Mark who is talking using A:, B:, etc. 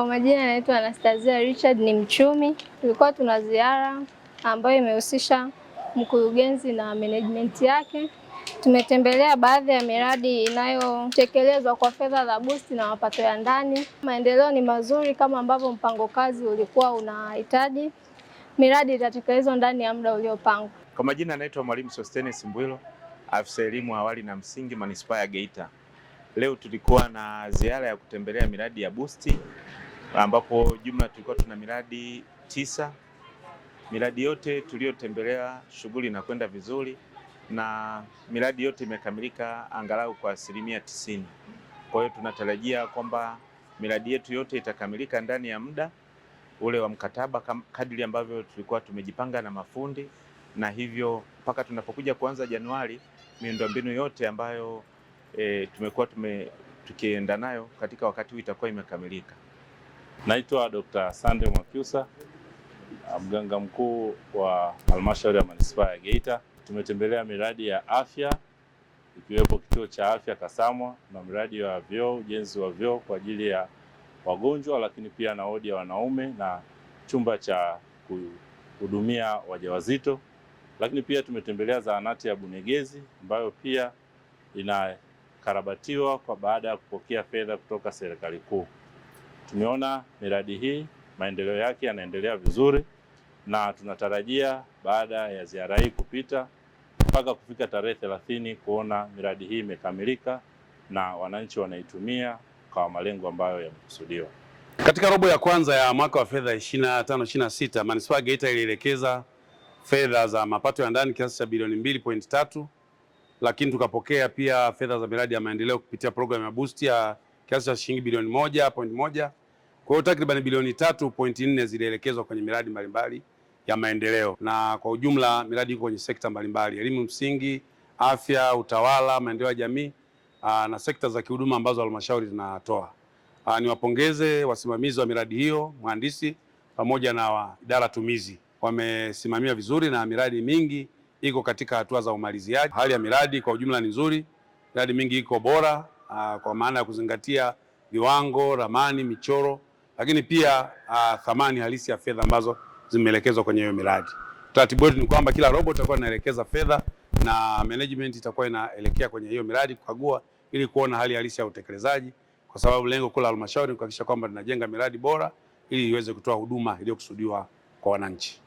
A: Kwa majina naitwa Anastasia Richard, ni mchumi. Tulikuwa tuna ziara ambayo imehusisha mkurugenzi na management yake. Tumetembelea baadhi ya miradi inayotekelezwa kwa fedha za BOOST na mapato ya ndani. Maendeleo ni mazuri kama ambavyo mpango kazi ulikuwa unahitaji. Miradi itatekelezwa ndani ya muda uliopangwa.
B: Kwa majina naitwa Mwalimu Sostenes Mbwilo, afisa elimu awali na msingi manispaa ya Geita. Leo tulikuwa na ziara ya kutembelea miradi ya BOOST ambapo jumla tulikuwa tuna miradi tisa. Miradi yote tuliyotembelea shughuli inakwenda vizuri na miradi yote imekamilika angalau kwa asilimia tisini. Kwa hiyo tunatarajia kwamba miradi yetu yote itakamilika ndani ya muda ule wa mkataba kadri ambavyo tulikuwa tumejipanga na mafundi, na hivyo mpaka tunapokuja kuanza Januari, miundombinu yote ambayo e, tumekuwa tume, tukienda nayo katika wakati huu itakuwa imekamilika. Naitwa Dr. Sande Mwakyusa, mganga mkuu wa halmashauri ya manispaa ya Geita. Tumetembelea miradi ya afya ikiwepo kituo cha afya Kasamwa na miradi ya vyoo, ujenzi wa vyoo kwa ajili ya wagonjwa, lakini pia na wodi ya wanaume na chumba cha kuhudumia wajawazito. Lakini pia tumetembelea zahanati ya Bunegezi ambayo pia inakarabatiwa kwa baada ya kupokea fedha kutoka serikali kuu. Tumeona miradi hii maendeleo yake yanaendelea vizuri na tunatarajia baada ya ziara hii kupita mpaka kufika tarehe thelathini kuona miradi hii imekamilika na wananchi wanaitumia kwa malengo ambayo yamekusudiwa. Katika robo ya kwanza ya mwaka wa fedha 25 26 manispaa ya Geita ilielekeza fedha za mapato ya ndani kiasi cha bilioni 2.3, lakini tukapokea pia fedha za miradi ya maendeleo kupitia programu ya boost ya kiasi cha shilingi bilioni 1.1 kwa hiyo takriban bilioni tatu pointi nne zilielekezwa kwenye miradi mbalimbali ya maendeleo, na kwa ujumla miradi iko kwenye sekta mbalimbali: elimu msingi, afya, utawala, maendeleo ya jamii na sekta za kihuduma ambazo halmashauri zinatoa. Niwapongeze wasimamizi wa miradi hiyo, mhandisi pamoja na idara tumizi, wamesimamia vizuri na miradi mingi iko katika hatua za umaliziaji. Hali ya miradi kwa ujumla ni nzuri, miradi mingi iko bora kwa maana ya kuzingatia viwango, ramani, michoro lakini pia uh, thamani halisi ya fedha ambazo zimeelekezwa kwenye hiyo miradi. taratibu wetu ni kwamba kila robo itakuwa inaelekeza fedha na management itakuwa inaelekea kwenye hiyo miradi kukagua, ili kuona hali halisi ya utekelezaji, kwa sababu lengo kuu la halmashauri ni kuhakikisha kwamba tunajenga miradi bora ili iweze kutoa huduma iliyokusudiwa kwa wananchi.